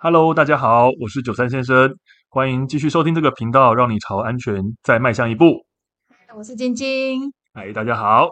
Hello，大家好，我是九三先生。歡迎繼續收聽這個頻道，讓你朝安全再邁向一步。Hello, 我是晶晶，嗨，大家好。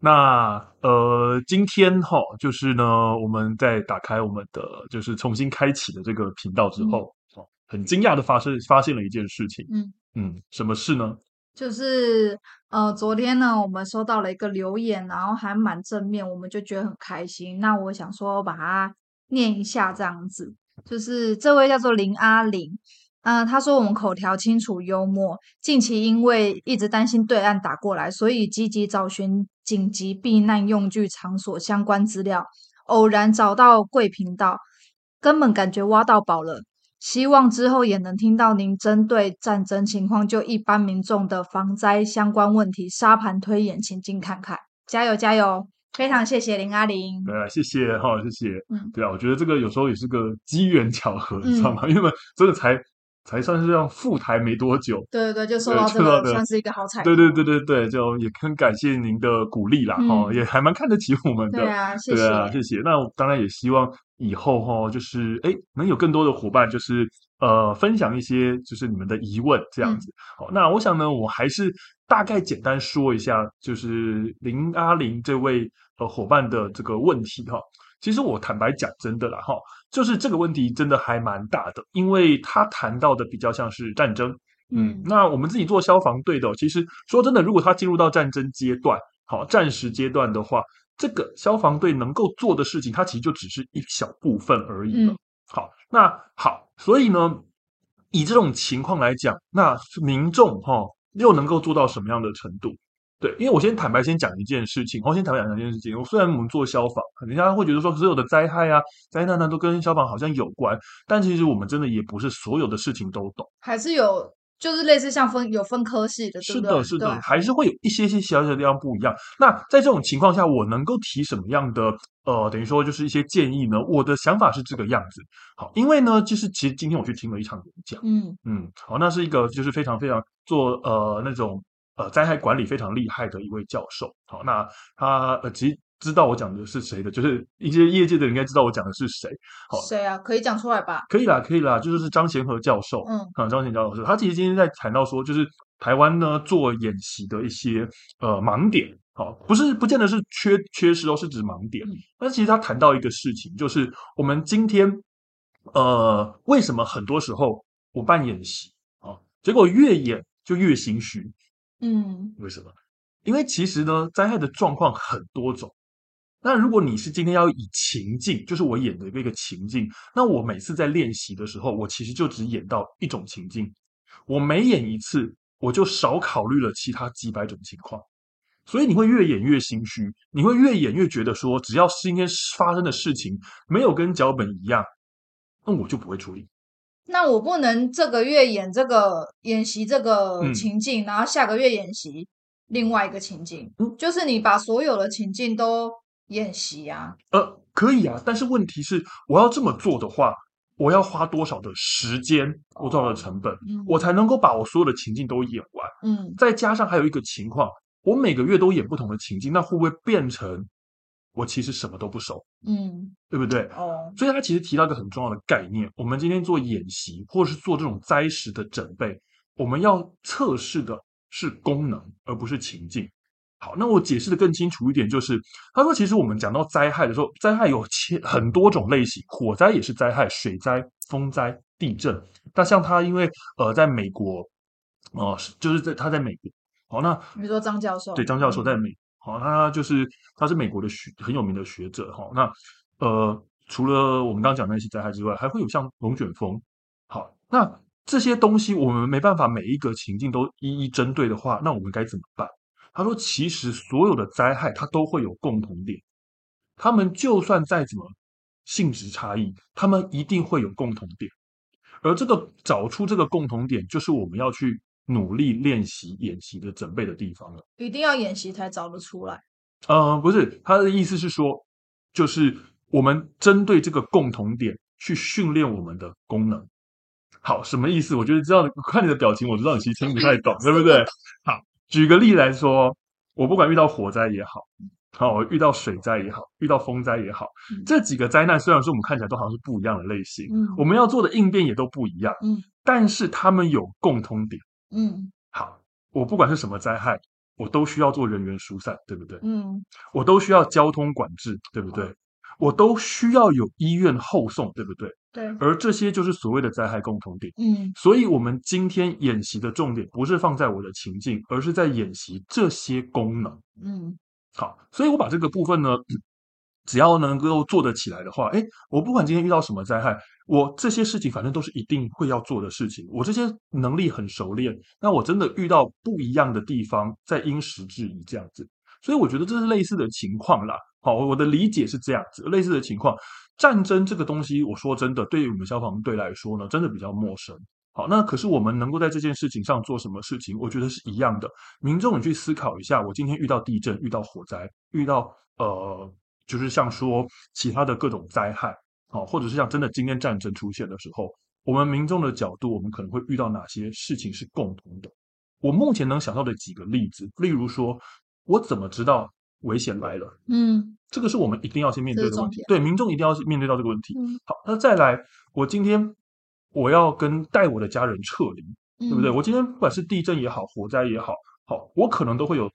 那呃，今天哈，就是呢，我們在打開我們的就是重新開啟的這個頻道之後，嗯，哦，很驚訝的發生發現了一件事情，嗯嗯，什麼事呢？就是呃，昨天呢，我們收到了一個留言，然後還蠻正面，我們就覺得很開心。那我想說把它。念一下這樣子，就是這位叫做林阿玲，嗯、呃，他說我們口條清楚、幽默。近期因為一直擔心對岸打過來，所以積極找尋緊急避難用具場所相關資料，偶然找到貴頻道，根本感覺挖到寶了。希望之後也能聽到您針對戰爭情況就一般民眾的防災相關問題沙盤推演，前進看看。加油，加油！非常謝謝林阿玲，對啊，謝謝哈、哦，謝謝，嗯，對啊，我覺得這個有時候也是個機緣巧合，嗯、你知道嗎？因為真的才才算是要復台沒多久，對對對，就說到這個對算是一個好彩，對對對對對，就也很感謝您的鼓勵啦，哈、嗯哦，也還蠻看得起我們的，對啊，謝謝，謝謝。那我當然也希望以後哈、哦，就是哎，能有更多的夥伴，就是呃，分享一些就是你們的疑問這樣子。嗯、好，那我想呢，我還是。大概簡單說一下，就是林阿林這位呃夥伴的這個問題哈、啊。其實我坦白講，真的啦哈，就是這個問題真的還蠻大的，因為他談到的比較像是戰爭。嗯，嗯那我們自己做消防隊的，其實說真的，如果他進入到戰爭階段，好戰時階段的話，這個消防隊能夠做的事情，它其實就只是一小部分而已了。嗯、好，那好，所以呢，以這種情況來講，那民眾哈。又能夠做到什麼樣的程度？對，因為我先坦白先講一件事情，我先坦白講一件事情。我雖然我們做消防，可能大家會覺得說所有的災害啊、災難呢、啊、都跟消防好像有關，但其實我們真的也不是所有的事情都懂，還是有。就是類似像分有分科系的，對不對？是的，是的，對，還是會有一些一些小小、小小的地方不一樣。那在這種情況下，我能夠提什麼樣的呃，等於說就是一些建議呢？我的想法是這個樣子。好，因為呢，就是其實今天我去聽了一場演講，嗯嗯，好，那是一個就是非常非常做呃那種呃災害管理非常厲害的一位教授。好，那他呃其實。知道我講的是誰的，就是一些業界的人，應該知道我講的是誰。好，誰啊？可以講出來吧？可以啦，可以啦，就是張賢和教授，嗯，好，啊，張賢和教授，他其實今天在談到說，就是台灣呢做演習的一些呃盲點，好，不是不見得是缺缺失哦，是指盲點。嗯，但是其實他談到一個事情，就是我們今天呃，為什麼很多時候我辦演習啊，結果越演就越心虛？嗯，為什麼？因為其實呢，災害的狀況很多種。那如果你是今天要以情境，就是我演的一個情境，那我每次在練習的時候，我其實就只演到一種情境，我每演一次，我就少考慮了其他幾百種情況，所以你會越演越心虛，你會越演越覺得說，只要今天發生的事情沒有跟腳本一樣，那我就不會處理。那我不能這個月演這個演習這個情境，嗯、然後下個月演習另外一個情境，嗯、就是你把所有的情境都。演習呀，啊、呃，可以啊，但是問題是，我要這麼做的話，我要花多少的時間，多少的成本，嗯、我才能夠把我所有的情境都演完。嗯，再加上還有一個情況，我每個月都演不同的情境，那會不會變成我其實什麼都不熟？嗯，對不對？哦，所以他其實提到一個很重要的概念，我們今天做演習，或者是做這種災時的準備，我們要測試的是功能，而不是情境。好，那我解釋得更清楚一點，就是他說，其實我們講到災害的時候，災害有千很多種類型，火災也是災害，水災、風災、地震。那像他，因為呃，在美國，哦、呃，就是在他在美國，好，那比如說張教授，對，張教授在美，好，他就是他是美國的學很有名的學者哈、哦。那呃，除了我們剛剛講那些災害之外，還會有像龍捲風。好，那這些東西我們沒辦法每一個情境都一一針對的話，那我們該怎麼辦？他說：“其實所有的災害，它都會有共同點。他們就算再怎麼性質差異，他們一定會有共同點。而這個找出這個共同點，就是我們要去努力練習、演習的準備的地方了。一定要演習才找得出來。呃，不是，他的意思是說，就是我們針對這個共同點去訓練我們的功能。好，什麼意思？我覺得這樣，看你的表情，我知道你其實聽不太懂， 懂對不對？好。”舉個例來說，我不管遇到火災也好，好、啊、我遇到水災也好，遇到風災也好，嗯、這幾個災難雖然說我們看起來都好像是不一樣的類型，嗯、我們要做的應變也都不一樣，嗯、但是他們有共通點，嗯，好，我不管是什麼災害，我都需要做人員疏散，對不對？嗯，我都需要交通管制，對不對？嗯、我都需要有醫院後送，對不對？而這些就是所謂的災害共同點。嗯，所以，我們今天演習的重點不是放在我的情境，而是在演習這些功能。嗯，好，所以我把這個部分呢，只要能夠做得起來的話，誒、欸，我不管今天遇到什麼災害，我這些事情反正都是一定會要做的事情，我這些能力很熟練，那我真的遇到不一樣的地方，再因時制宜這樣子，所以我覺得這是類似的情況啦。好，我的理解是這樣子，類似的情況，戰爭這個東西，我說真的，對於我們消防隊來說呢，真的比較陌生。好，那可是我們能夠在這件事情上做什麼事情？我覺得是一樣的。民眾，你去思考一下，我今天遇到地震、遇到火災、遇到呃，就是像說其他的各種災害，好、哦，或者是像真的今天戰爭出現的時候，我們民眾的角度，我們可能會遇到哪些事情是共同的？我目前能想到的幾個例子，例如說，我怎麼知道？危險來了，嗯，這個是我們一定要先面對的問題，對民眾一定要面對到這個問題。嗯、好，那再來，我今天我要跟帶我的家人撤離，嗯、對不對？我今天不管是地震也好，火災也好，好，我可能都會有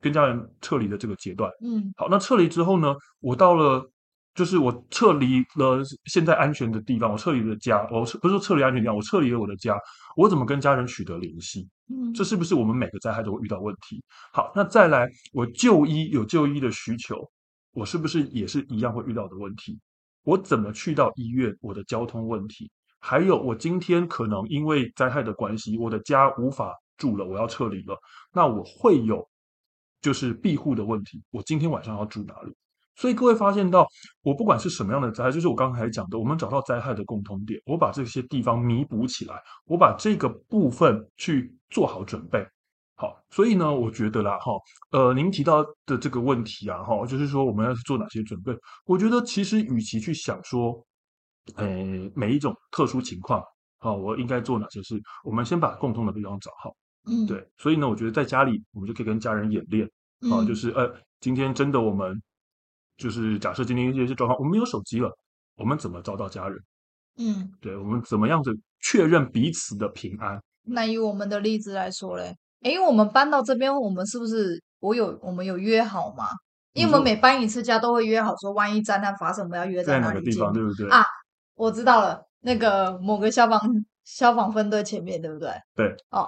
跟家人撤離的這個階段。嗯，好，那撤離之後呢，我到了。就是我撤離了現在安全的地方，我撤離了家，我不是說撤離安全地方，我撤離了我的家，我怎麼跟家人取得聯繫？嗯，這是不是我們每個災害都會遇到問題？好，那再來，我就醫，有就醫的需求，我是不是也是一樣會遇到的問題？我怎麼去到醫院？我的交通問題，還有我今天可能因為災害的關係，我的家無法住了，我要撤離了，那我會有就是庇護的問題，我今天晚上要住哪裡？所以各位發現到，我不管是什麼樣的災害，就是我剛才講的，我們找到災害的共通點，我把這些地方彌補起來，我把這個部分去做好準備。好，所以呢，我覺得啦，哈、哦，呃，您提到的這個問題啊，哈、哦，就是說我們要去做哪些準備？我覺得其實與其去想說，呃、每一種特殊情況啊、哦，我應該做哪些事，我們先把共同的地方找好。嗯，對。所以呢，我覺得在家裡我們就可以跟家人演練。嗯、啊，就是呃，今天真的我們。就是假設今天有些狀況，我們沒有手機了，我們怎麼找到家人？嗯，對，我們怎麼樣子確認彼此的平安？那以我們的例子來說嘞，誒，我們搬到這邊，我們是不是我有我們有約好嗎？因為我們每搬一次家都會約好，說萬一災難發生，我們要約在哪，在哪個地方，對不對？啊，我知道了，那個某個消防。消防分隊前面，對不對？對，哦，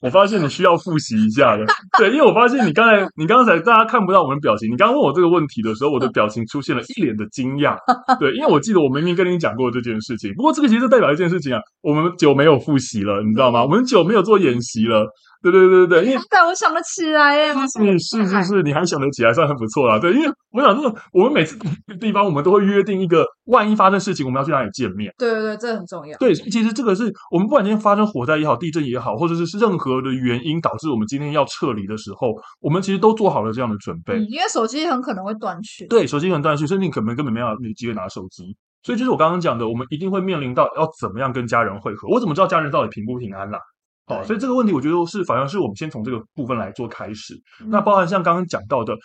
我發現你需要複習一下的。 對，因為我發現你剛才，你剛才大家看不到我們表情。你剛剛問我這個問題的時候，我的表情出現了一臉的驚訝。對，因為我記得我明明跟你講過這件事情。不過這個其實代表一件事情啊，我們久沒有複習了，你知道嗎？我們久沒有做演習了。對對對對對，因為但我想得起來，哎，是，是是是是，你還想得起來，算很不錯了。哎、對，因為我想說，我們每次地方，我們都會約定一個，萬一發生事情，我們要去哪裡見面？對對對，這很重要。對，其實這個是我們不管今天發生火災也好，地震也好，或者是任何的原因導致我們今天要撤離的時候，我們其實都做好了這樣的準備。嗯、因為手機很可能會斷去，對，手機很斷去，甚至你可能根本沒有沒有機會拿手機。所以就是我剛剛講的，我們一定會面臨到要怎麼樣跟家人會合。我怎麼知道家人到底平不平安啦、啊好對、哦，所以這個問題我覺得是，反而是我們先從這個部分來做開始。嗯、那包含像剛剛講到的，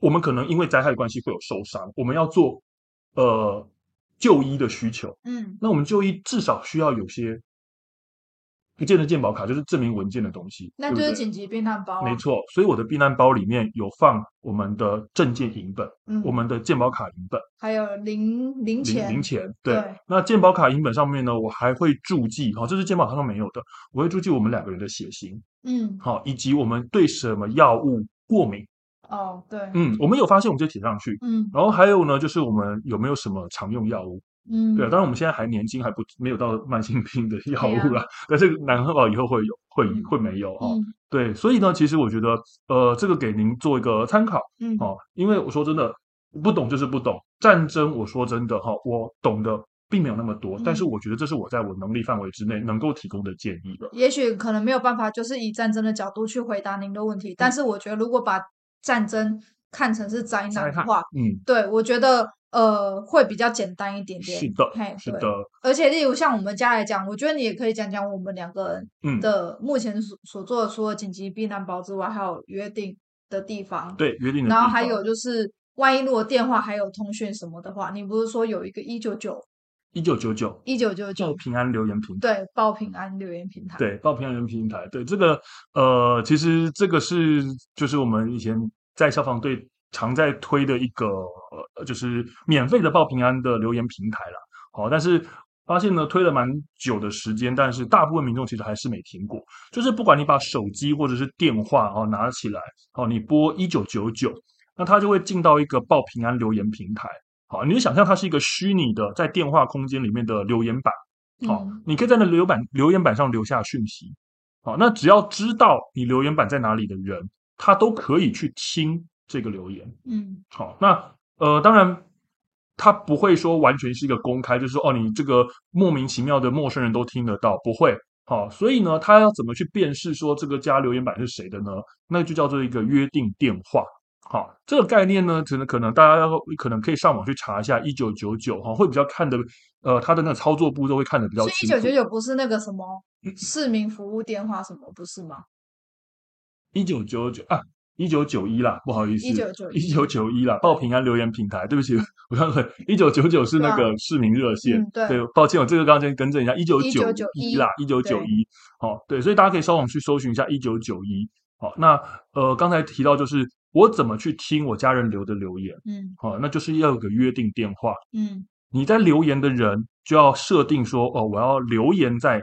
我們可能因為災害關係會有受傷，我們要做呃就醫的需求。嗯，那我們就醫至少需要有些。一件的健保卡就是證明文件的東西，那就是緊急避難包、啊對對。沒錯，所以我的避難包裡面有放我們的證件影本，嗯、我們的健保卡影本，還有零零錢。零,零錢對。對那健保卡影本上面呢，我還會注記好、哦、這是健保卡上沒有的，我會注記我們兩個人的血型，嗯，好、哦，以及我們對什麼藥物過敏。哦，對，嗯，我們有發現我們就寫上去，嗯，然後還有呢，就是我們有沒有什麼常用藥物。嗯，對啊，當然我們現在還年輕，還不沒有到慢性病的藥物啦。有但是難說啊，以後會有，會、嗯、會沒有哈、哦。嗯、對，所以呢，其實我覺得，呃，這個給您做一個參考，好、嗯哦，因為我說真的，不懂就是不懂。戰爭，我說真的哈、哦，我懂的並沒有那麼多，嗯、但是我覺得這是我在我能力範圍之內能夠提供的建議的。也許可能沒有辦法，就是以戰爭的角度去回答您的問題，嗯、但是我覺得如果把戰爭。看成是災難的話，災難化，嗯，對，我覺得呃會比較簡單一點點，是的，嘿，是的。而且，例如像我們家來講，我覺得你也可以講講我們兩個人的目前所所做的，除了緊急避難包之外，嗯，還有約定的地方，對，約定。然後還有就是，萬一如果電話還有通訊什麼的話，你不是說有一個一九九一九九九一九九九報平安留言平台，對，報平安留言平台，對，報平安留言平台，對，這個呃，其實這個是就是我們以前。在消防隊常在推的一個呃就是免費的報平安的留言平台了，好、哦，但是發現呢，推了蠻久的時間，但是大部分民眾其實還是沒聽過。就是不管你把手機或者是電話哦拿起來，哦，你撥一九九九，那它就會進到一個報平安留言平台。好、哦，你就想象它是一個虛擬的在電話空間裡面的留言板，好、哦，嗯、你可以在那留言板留言板上留下訊息。好、哦，那只要知道你留言板在哪裡的人，他都可以去聽這個留言，嗯，好、哦，那呃，當然他不會說完全是一個公開，就是說哦，你這個莫名其妙的陌生人都聽得到，不會，好、哦，所以呢，他要怎麼去辨識說這個加留言板是誰的呢？那就叫做一個約定電話，好、哦，這個概念呢，可能可能大家可能可以上網去查一下一九九九，哈、哦，會比較看的，呃，他的那個操作步驟會看的比較清楚。一九九九不是那個什麼市民服務電話什麼，嗯，不是嗎？一九九九啊，一九九一啦，不好意思，一九九一啦，報平安留言平台，對不起，嗯、我剛才一九九九是那個市民熱線，嗯嗯、對，對，抱歉，我這個剛剛先更正一下，一九九一啦，一九九一，好、哦，對，所以大家可以稍後去搜尋一下一九九一，好，那呃剛才提到就是我怎麼去聽我家人留的留言，嗯，好、哦，那就是要有個約定電話，嗯，你在留言的人就要設定說，哦，我要留言在。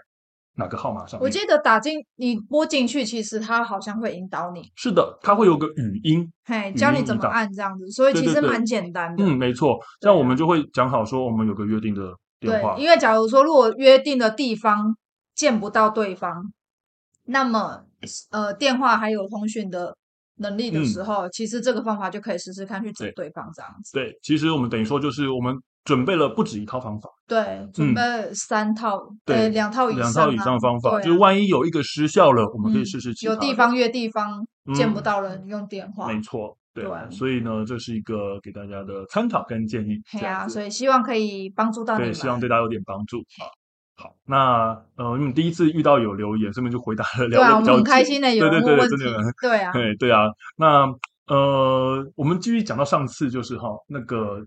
哪個號碼上面，我記得打進你撥進去，其實他好像會引導你。是的，他會有個語音，嘿，教你怎麼按這樣子，對對對，所以其實蠻簡單的。嗯，沒錯，啊、這樣我們就會講好說，我們有個約定的電話。對，因為假如說如果約定的地方見不到對方，對那麼呃電話還有通訊的能力的時候，嗯、其實這個方法就可以試試看去找對方這樣子對。對，其實我們等於說就是我們。準備了不止一套方法，對，準備了三套，對，兩套以上，兩套以上方法，就是萬一有一個失效了，我們可以試試其他。有地方約地方，見不到人用電話，沒錯，對。所以呢，這是一個給大家的參考跟建議。對呀，所以希望可以幫助到。對，希望對大家有點幫助。好，好，那呃，因為第一次遇到有留言，順便就回答了兩位。對啊，我們很開心的，有留言，對對對，真的，對對啊，那呃，我們繼續講到上次，就是哈，那個。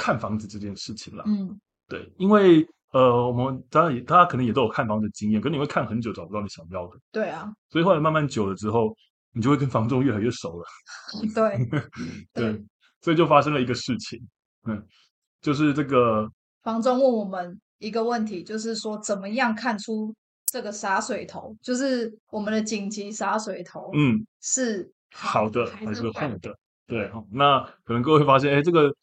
看房子這件事情了，嗯，對，因為呃，我們大家大家可能也都有看房子的經驗，可能你會看很久找不到你想要的，對啊，所以後來慢慢久了之後，你就會跟房仲越來越熟了，對對， 對對，所以就發生了一個事情，嗯，就是這個房仲問我們一個問題，就是說怎麼樣看出這個灑水頭，就是我們的緊急灑水頭是，嗯，是好的還是壞的？對，那可能各位會發現，哎，這個。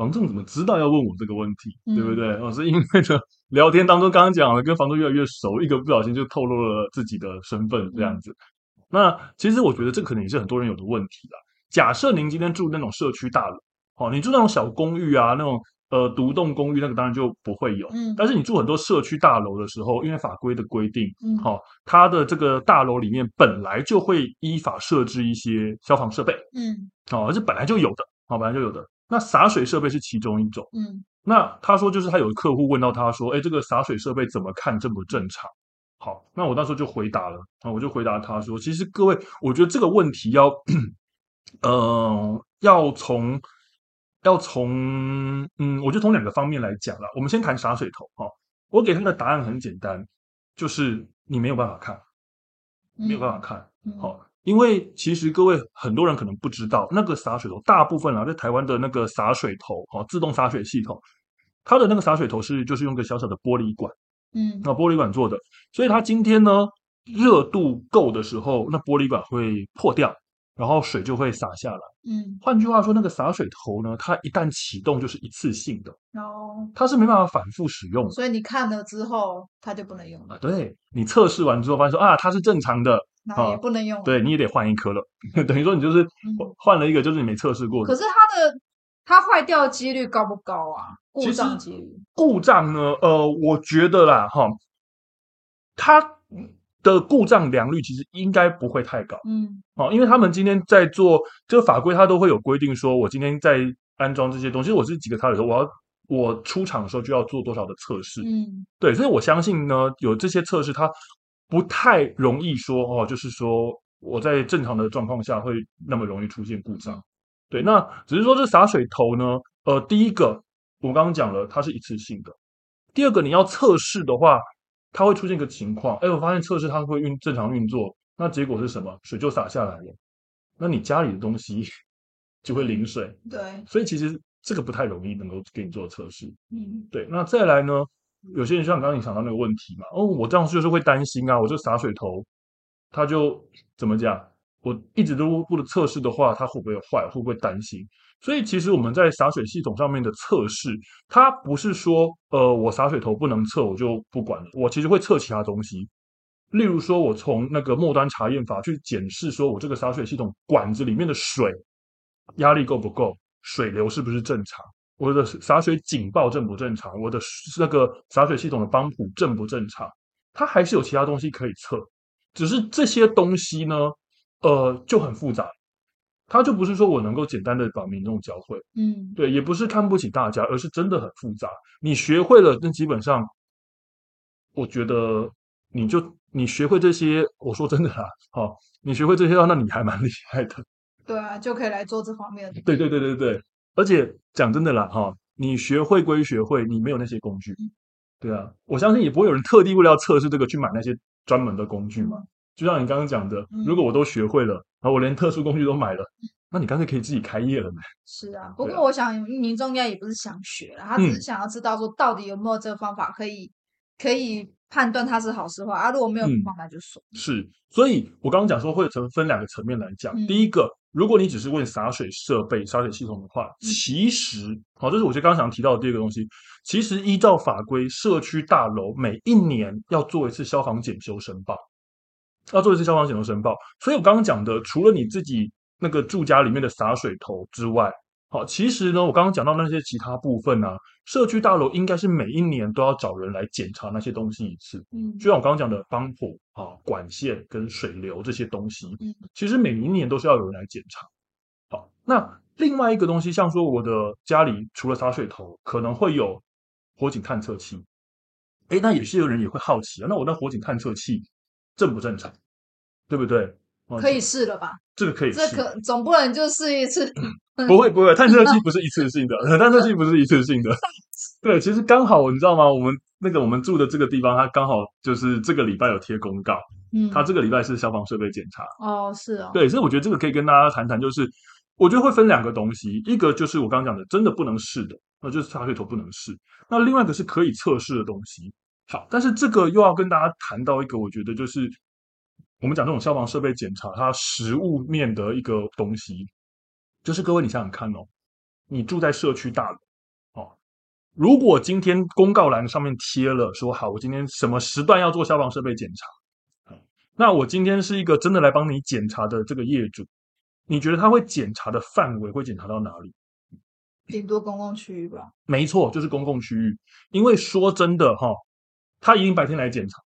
房仲怎麼知道要問我這個問題？嗯、對不對？哦，是因為這聊天當中剛剛講了，跟房東越來越熟，一個不小心就透露了自己的身份這樣子。嗯、那其實我覺得這可能也是很多人有的問題啦。假設您今天住那種社區大樓，哦，你住那種小公寓啊，那種呃獨棟公寓，那個當然就不會有。嗯、但是你住很多社區大樓的時候，因為法規的規定，嗯、哦，它的這個大樓裡面本來就會依法設置一些消防設備，嗯，哦，這本來就有的，哦，本來就有的。那灑水設備是其中一種，嗯，那他說就是他有客戶問到他說，哎、欸，這個灑水設備怎麼看正不正常？好，那我那時候就回答了，啊，我就回答他說，其實各位，我覺得這個問題要，嗯、 呃，要從，要從，嗯，我就從兩個方面來講了。我們先談灑水頭，好、喔，我給他的答案很簡單，就是你沒有辦法看，嗯、沒有辦法看，好、嗯。嗯因為其實各位很多人可能不知道，那個灑水頭大部分啊，在台灣的那個灑水頭啊、哦，自動灑水系統，它的那個灑水頭是就是用個小小的玻璃管，嗯，那、啊、玻璃管做的，所以它今天呢，熱度夠的時候，那玻璃管會破掉，然後水就會灑下來。嗯，換句話說，那個灑水頭呢，它一旦啟動就是一次性的，哦，它是沒辦法反覆使用的，所以你看了之後，它就不能用了。啊，對，你測試完之後發現說啊，它是正常的。然後也不能用。哦，對，你也得換一顆了。 等於說你就是、嗯、換了一個，就是你沒測試過的。可是它的它壞掉的幾率高不高啊？故障幾率故障呢？呃，我覺得啦，哈、哦，它的故障良率其實應該不會太高。嗯，哦，因為他們今天在做這個法規，它都會有規定，說我今天在安裝這些東西，其實我是幾個插頭，我要我出廠的時候就要做多少的測試。嗯，對，所以我相信呢，有這些測試，它。不太容易說哦，就是說我在正常的狀況下會那麼容易出現故障，對。那只是說這灑水頭呢，呃，第一個我剛剛講了，它是一次性的。第二個，你要測試的話，它會出現一個情況，哎，我發現測試它會運正常運作，那結果是什麼？水就灑下來了，那你家裡的東西就會淋水。對。所以其實這個不太容易能夠給你做測試。嗯。對，那再來呢？有些人像剛剛你想到那個問題嘛，哦，我這樣就是會擔心啊，我這灑水頭它，他就怎麼講，我一直都不測試的話，它會不會壞，會不會擔心？所以其實我們在灑水系統上面的測試，它不是說，呃，我灑水頭不能測我就不管了，我其實會測其他東西，例如說，我從那個末端查驗法去檢視，說我這個灑水系統管子裡面的水壓力夠不夠，水流是不是正常。我的灑水警報正不正常？我的那個灑水系統的泵正不正常？它還是有其他東西可以測，只是這些東西呢，呃，就很複雜，它就不是說我能夠簡單的把民眾教會。嗯，對，也不是看不起大家，而是真的很複雜。你學會了，那基本上，我覺得你就你學會這些，我說真的啊，好、哦，你學會這些話，那你還蠻厲害的。對啊，就可以來做這方面的方。對對對對對。而且講真的啦，哈，你學會歸學會，你沒有那些工具，嗯、對啊，我相信也不會有人特地為了要測試這個去買那些專門的工具嘛。嗯、就像你剛剛講的，如果我都學會了，然後、嗯啊、我連特殊工具都買了，那你乾脆可以自己開業了嘛。是、嗯、啊，不過我想民眾應該也不是想學啦，他只是想要知道說到底有沒有這個方法可以、嗯、可以判斷它是好是壞啊。如果沒有方法，那就算了、嗯嗯。是，所以我剛剛講說會成分兩個層面來講，嗯、第一個。如果你只是問灑水設備、灑水系統的話，其實，好，這是我就剛想提到的第二個東西。其實依照法規，社區大樓每一年要做一次消防檢修申報，要做一次消防檢修申報。所以我剛剛講的，除了你自己那個住家裡面的灑水頭之外，好，其實呢，我剛剛講到那些其他部分啊，社區大樓應該是每一年都要找人來檢查那些東西一次。嗯，就像我剛剛講的泵浦啊、管線跟水流這些東西，其實每一年都是要有人來檢查。好，那另外一個東西，像說我的家裡除了灑水頭，可能會有火警探測器。哎，那有些人也會好奇啊，那我的火警探測器正不正常，對不對？Oh, 可以試了吧？這個可以試，這可總不能就試一次。 不會不會，探測器不是一次性的， 探測器不是一次性的。 對，其實剛好你知道嗎？我們那個我們住的這個地方，它剛好就是這個禮拜有貼公告。嗯。它這個禮拜是消防設備檢查。哦，是哦。對，所以我覺得這個可以跟大家談談，就是我覺得會分兩個東西，一個就是我剛剛講的真的不能試的，那就是撒水頭不能試。那另外一個是可以測試的東西。好，但是這個又要跟大家談到一個，我覺得就是。我們講這種消防設備檢查，它實務面的一個東西，就是各位，你想想看哦，你住在社區大樓哦，如果今天公告欄上面貼了說好，我今天什麼時段要做消防設備檢查，嗯，那我今天是一個真的來幫你檢查的這個業主，你覺得他會檢查的範圍會檢查到哪裡？頂多公共區域吧。沒錯，就是公共區域，因為說真的哈，哦，他一定白天來檢查。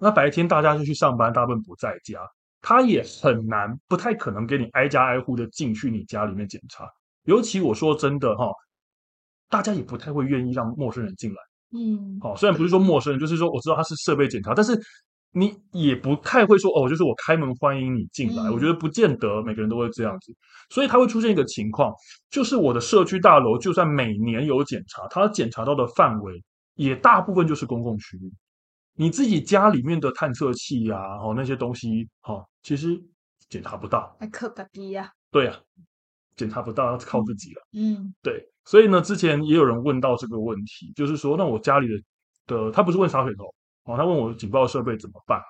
那白天大家就去上班，大部分不在家，他也很難，不太可能給你挨家挨戶的進去你家裡面檢查。尤其我說真的哈，大家也不太會願意讓陌生人進來。嗯，好，雖然不是說陌生人，對就是說我知道他是設備檢查，但是你也不太會說哦，就是我開門歡迎你進來。嗯、我覺得不見得每個人都會這樣子，所以它會出現一個情況，就是我的社區大樓，就算每年有檢查，他檢查到的範圍也大部分就是公共區域。你自己家裡面的探測器啊，哦，那些東西，哈、哦，其實檢查不到。還靠爸比呀？對呀、啊，檢查不到要靠自己了。嗯，嗯對。所以呢，之前也有人問到這個問題，就是說，那我家裡的的，他不是問灑水頭，哦，他問我警報的設備怎麼辦？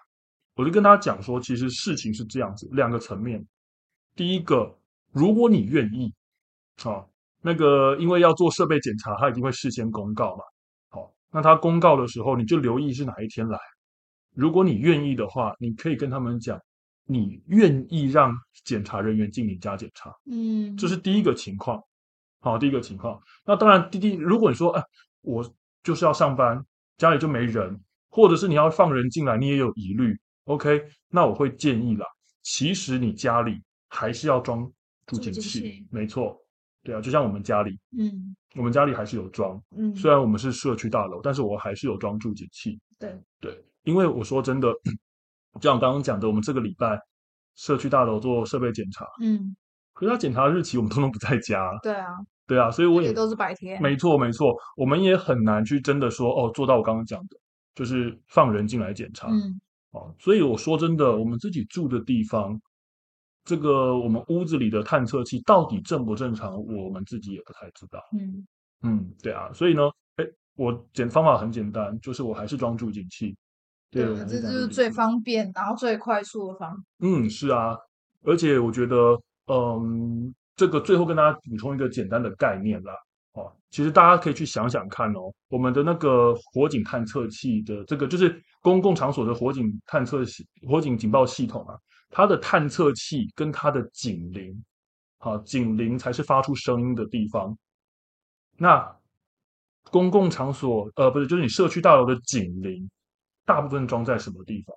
我就跟他講說，其實事情是這樣子，兩個層面。第一個，如果你願意，啊、哦，那個因為要做設備檢查，他一定會事先公告嘛。那他公告的時候，你就留意是哪一天來。如果你願意的話，你可以跟他們講，你願意讓檢查人員進你家檢查。嗯，這是第一個情況。好，第一個情況。那當然，滴滴，如果你說，哎，我就是要上班，家裡就沒人，或者是你要放人進來，你也有疑慮，OK？那我會建議啦，其實你家裡還是要裝住警器，住警器，沒錯。對啊，就像我們家裡，嗯，我們家裡還是有裝，嗯，雖然我們是社區大樓，但是我還是有裝住警器。對對，因為我說真的，就像剛剛講的，我們這個禮拜社區大樓做設備檢查，嗯，可是他檢查日期我們通通不在家，對啊，對啊，所以我也都是白天，沒錯沒錯，我們也很難去真的說哦做到我剛剛講的，就是放人進來檢查，嗯，啊，所以我說真的，我們自己住的地方。這個我們屋子裡的探測器到底正不正常？我們自己也不太知道。嗯嗯，對啊，所以呢，誒我簡方法很簡單，就是我還是裝住警器。對、嗯，這就是最方便，對然後最快速的方法。嗯，是啊，而且我覺得，嗯，這個最後跟大家補充一個簡單的概念啦。哦，其實大家可以去想想看哦，我們的那個火警探測器的這個，就是公共場所的火警探測器、火警警報系統啊。它的探測器跟它的警鈴，好、啊、警鈴才是發出聲音的地方。那公共場所，呃，不是，就是你社區大樓的警鈴，大部分裝在什麼地方？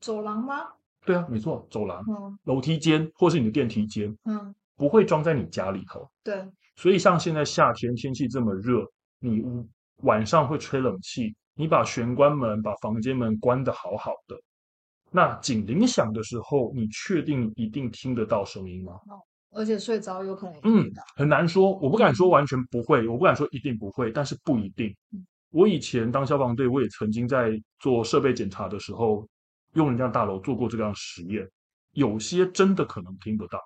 走廊嗎？對啊，沒錯，走廊、嗯、樓梯間或是你的電梯間，嗯，不會裝在你家裡頭。對，所以像現在夏天天氣這麼熱，你晚上會吹冷氣，你把玄關門、把房間門關得好好的。那警鈴響的時候，你確定一定聽得到聲音嗎？哦、而且睡着有可能可嗯，很難說。我不敢說完全不會，我不敢說一定不會，但是不一定。嗯、我以前當消防隊，我也曾經在做設備檢查的時候，用人家大樓做過這個樣實驗，有些真的可能聽不到。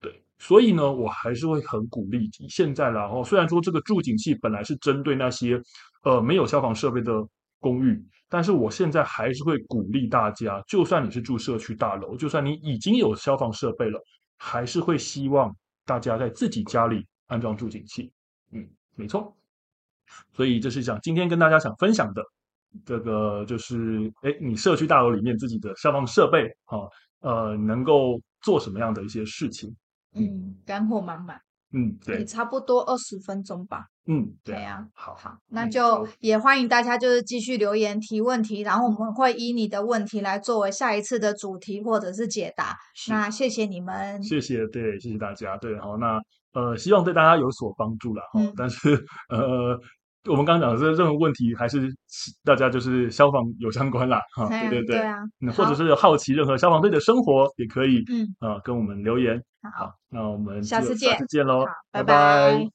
對，所以呢，我還是會很鼓勵。現在啦，然後雖然說這個住警器本來是針對那些呃沒有消防設備的公寓。但是我現在還是會鼓勵大家，就算你是住社區大樓，就算你已經有消防設備了，還是會希望大家在自己家裡安裝住警器。嗯，沒錯。所以這是想今天跟大家想分享的，這個就是，哎，你社區大樓裡面自己的消防設備啊，呃，能夠做什麼樣的一些事情？嗯，嗯乾貨滿滿。嗯，對，差不多二十分鐘吧。嗯，對呀，好，好，那就也歡迎大家，就是繼續留言提問題，然後我們會以你的問題來作為下一次的主題或者是解答。那謝謝你們，謝謝，對，謝謝大家，對，好，那呃，希望對大家有所幫助啦。嗯，但是呃，我們剛剛講的這任何問題，還是大家就是消防有相關啦，哈，對對對，啊，或者是好奇任何消防隊的生活也可以，嗯啊，跟我們留言。好，好，那我們下次見，下次見嘍好拜，拜拜。